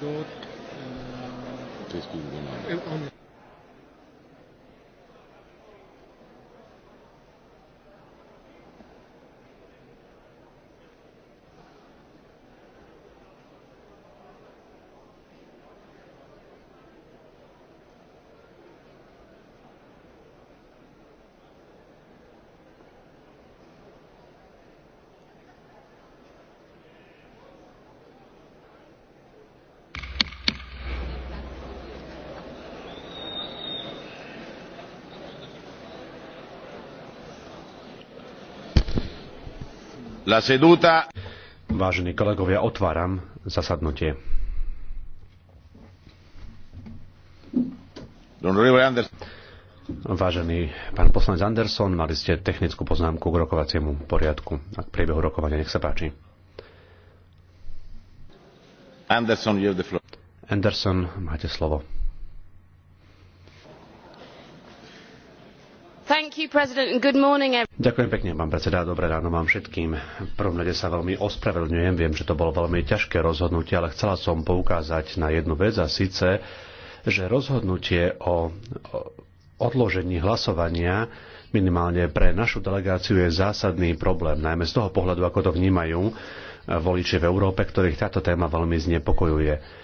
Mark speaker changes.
Speaker 1: dort. Äh, ehm, La seduta. Vážení kolegovia, otváram zasadnutie.
Speaker 2: Vážený pán poslanec Anderson, mali ste technickú poznámku k rokovaciemu poriadku a k priebehu rokovania. Nech sa páči. Anderson, Anderson máte slovo.
Speaker 3: Ďakujem
Speaker 2: pekne, pán predseda. Dobré ráno vám všetkým. V prvom rade sa veľmi ospravedlňujem. Viem, že to bolo veľmi ťažké rozhodnutie, ale chcela som poukázať na jednu vec a síce, že rozhodnutie o odložení hlasovania minimálne pre našu delegáciu je zásadný problém, najmä z toho pohľadu, ako to vnímajú eh, voliči v Európe, ktorých táto téma veľmi znepokojuje